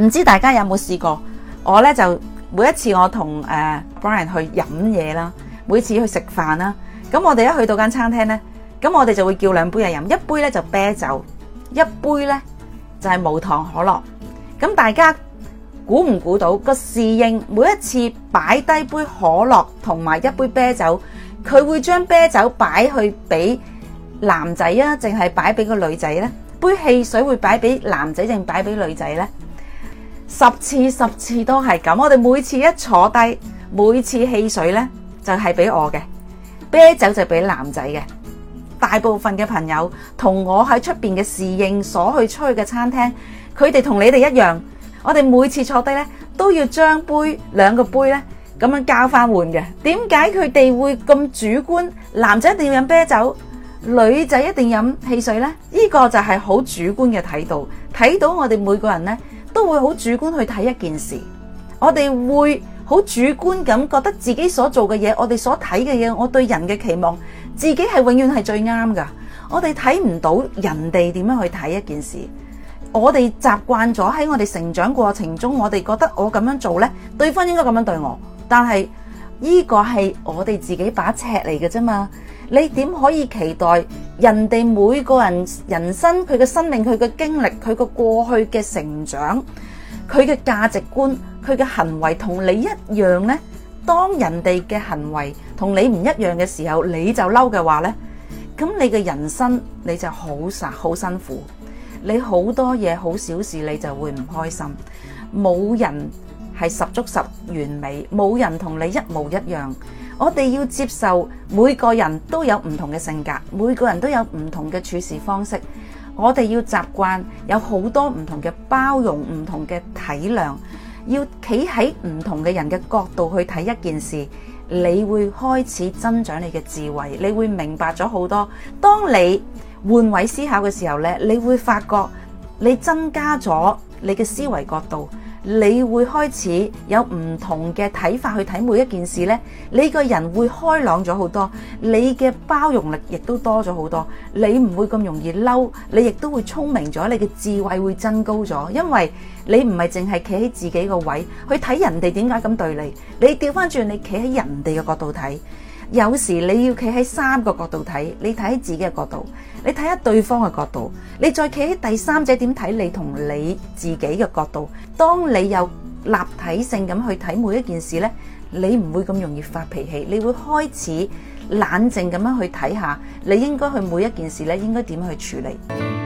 唔知大家有冇試過？我咧就每一次我同誒 Brian 去飲嘢啦，每次去食飯啦，咁我哋一去到間餐廳呢，咁我哋就會叫兩杯嘢飲，一杯呢就啤酒，一杯呢就係無糖可樂。咁大家估唔估到個侍應，每一次擺低杯可樂同埋一杯啤酒，佢會將啤酒擺去俾男仔啊，定係擺俾個女仔呢？杯汽水會擺俾男仔定擺俾女仔呢？十次十次都係咁，我哋每次一坐低，每次汽水咧就係俾我嘅，啤酒就俾男仔嘅。大部分嘅朋友同我喺出面嘅侍應所去出去嘅餐廳，佢哋同你哋一樣，我哋每次坐低咧都要將杯兩個杯咧咁樣交返換嘅。點解佢哋會咁主觀？男仔一定要飲啤酒，女仔一定要飲汽水咧？呢個就係好主觀嘅態度，睇到我哋每個人咧。都會好主觀去睇一件事，我哋會好主觀咁覺得自己所做嘅嘢、我哋所睇嘅嘢，我對人嘅期望，自己係永遠係最啱噶。我哋睇唔到人哋點樣去睇一件事，我哋習慣咗喺我哋成長過程中，我哋覺得我咁樣做呢，對方應該咁樣對我。但係呢個係我哋自己把尺嚟嘅啫嘛，你點可以期待？人哋每個人人生，佢嘅生命，佢嘅經歷，佢嘅過去嘅成長，佢嘅價值觀，佢嘅行為同你一樣咧。當人哋嘅行為同你唔一樣嘅時候，你就嬲嘅話咧，咁你嘅人生你就好實好辛苦，你好多嘢好小事你就會唔開心。冇人係十足十完美，冇人同你一模一樣。我哋要接受每個人都有唔同嘅性格，每個人都有唔同嘅處事方式。我哋要習慣有好多唔同嘅包容、唔同嘅體諒。要企喺唔同嘅人嘅角度去睇一件事，你會開始增長你嘅智慧，你會明白咗好多。當你換位思考嘅時候咧，你會發覺你增加咗你嘅思維角度。你會開始有唔同嘅睇法去睇每一件事呢，你個人會開朗咗好多，你嘅包容力亦都多咗好多，你唔會咁容易嬲，你亦都會聰明咗，你嘅智慧會增高咗，因為你唔係淨係企喺自己個位去睇人哋點解咁對你，你調翻轉你企喺人哋嘅角度睇。有時你要企喺三個角度睇，你睇自己嘅角度，你睇下對方嘅角度，你再企喺第三者點睇你同你自己嘅角度。當你有立體性咁去睇每一件事呢，你唔會咁容易發脾氣，你會開始冷靜咁樣去睇下，你應該去每一件事呢應該點去處理。